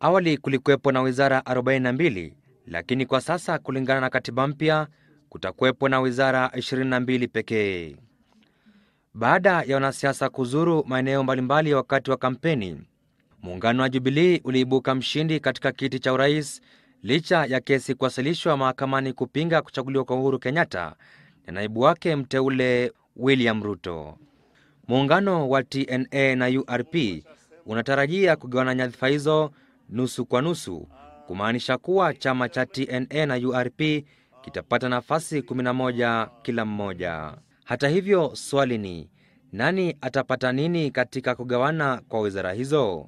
Awali kulikuwepo na wizara 42 lakini kwa sasa kulingana na katiba mpya kutakuwepo na wizara 22 pekee. Baada ya wanasiasa kuzuru maeneo mbalimbali wakati wa kampeni, muungano wa Jubilii uliibuka mshindi katika kiti cha urais licha ya kesi kuwasilishwa mahakamani kupinga kuchaguliwa kwa Uhuru Kenyatta na naibu wake mteule William Ruto. Muungano wa TNA na URP unatarajia kugawana nyadhifa hizo nusu kwa nusu, kumaanisha kuwa chama cha TNA na URP kitapata nafasi 11 kila mmoja. Hata hivyo, swali ni nani atapata nini katika kugawana kwa wizara hizo?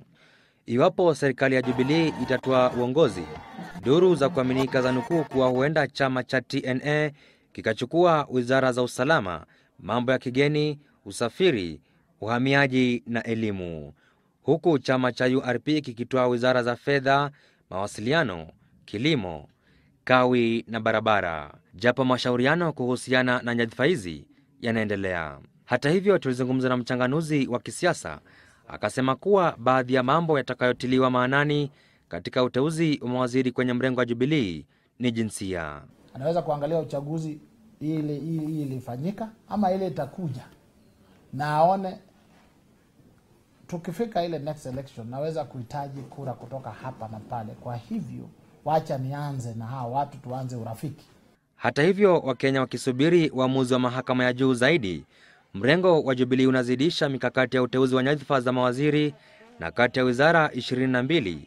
Iwapo serikali ya Jubilee itatoa uongozi, duru za kuaminika za nukuu kuwa huenda chama cha TNA kikachukua wizara za usalama, mambo ya kigeni, usafiri, uhamiaji na elimu huku chama cha URP kikitoa wizara za fedha, mawasiliano, kilimo, kawi na barabara, japo mashauriano kuhusiana na nyadhifa hizi yanaendelea. Hata hivyo, tulizungumza na mchanganuzi wa kisiasa akasema kuwa baadhi ya mambo yatakayotiliwa maanani katika uteuzi wa mawaziri kwenye mrengo wa Jubilii ni jinsia. Anaweza kuangalia uchaguzi ili ilifanyika ama ile itakuja na aone tukifika ile next election naweza kuhitaji kura kutoka hapa na pale. Kwa hivyo wacha nianze na hawa watu, tuanze urafiki. Hata hivyo, Wakenya wakisubiri uamuzi wa mahakama ya juu zaidi, mrengo wa Jubilii unazidisha mikakati ya uteuzi wa nyadhifa za mawaziri, na kati ya wizara 22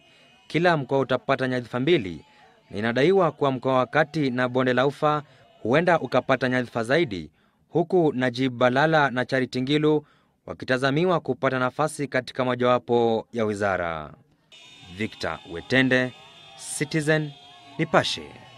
kila mkoa utapata nyadhifa mbili. Inadaiwa kuwa mkoa wa Kati na Bonde la Ufa huenda ukapata nyadhifa zaidi, huku Najib Balala na Charity Ngilu wakitazamiwa kupata nafasi katika mojawapo ya wizara. Victor Wetende, Citizen Nipashe.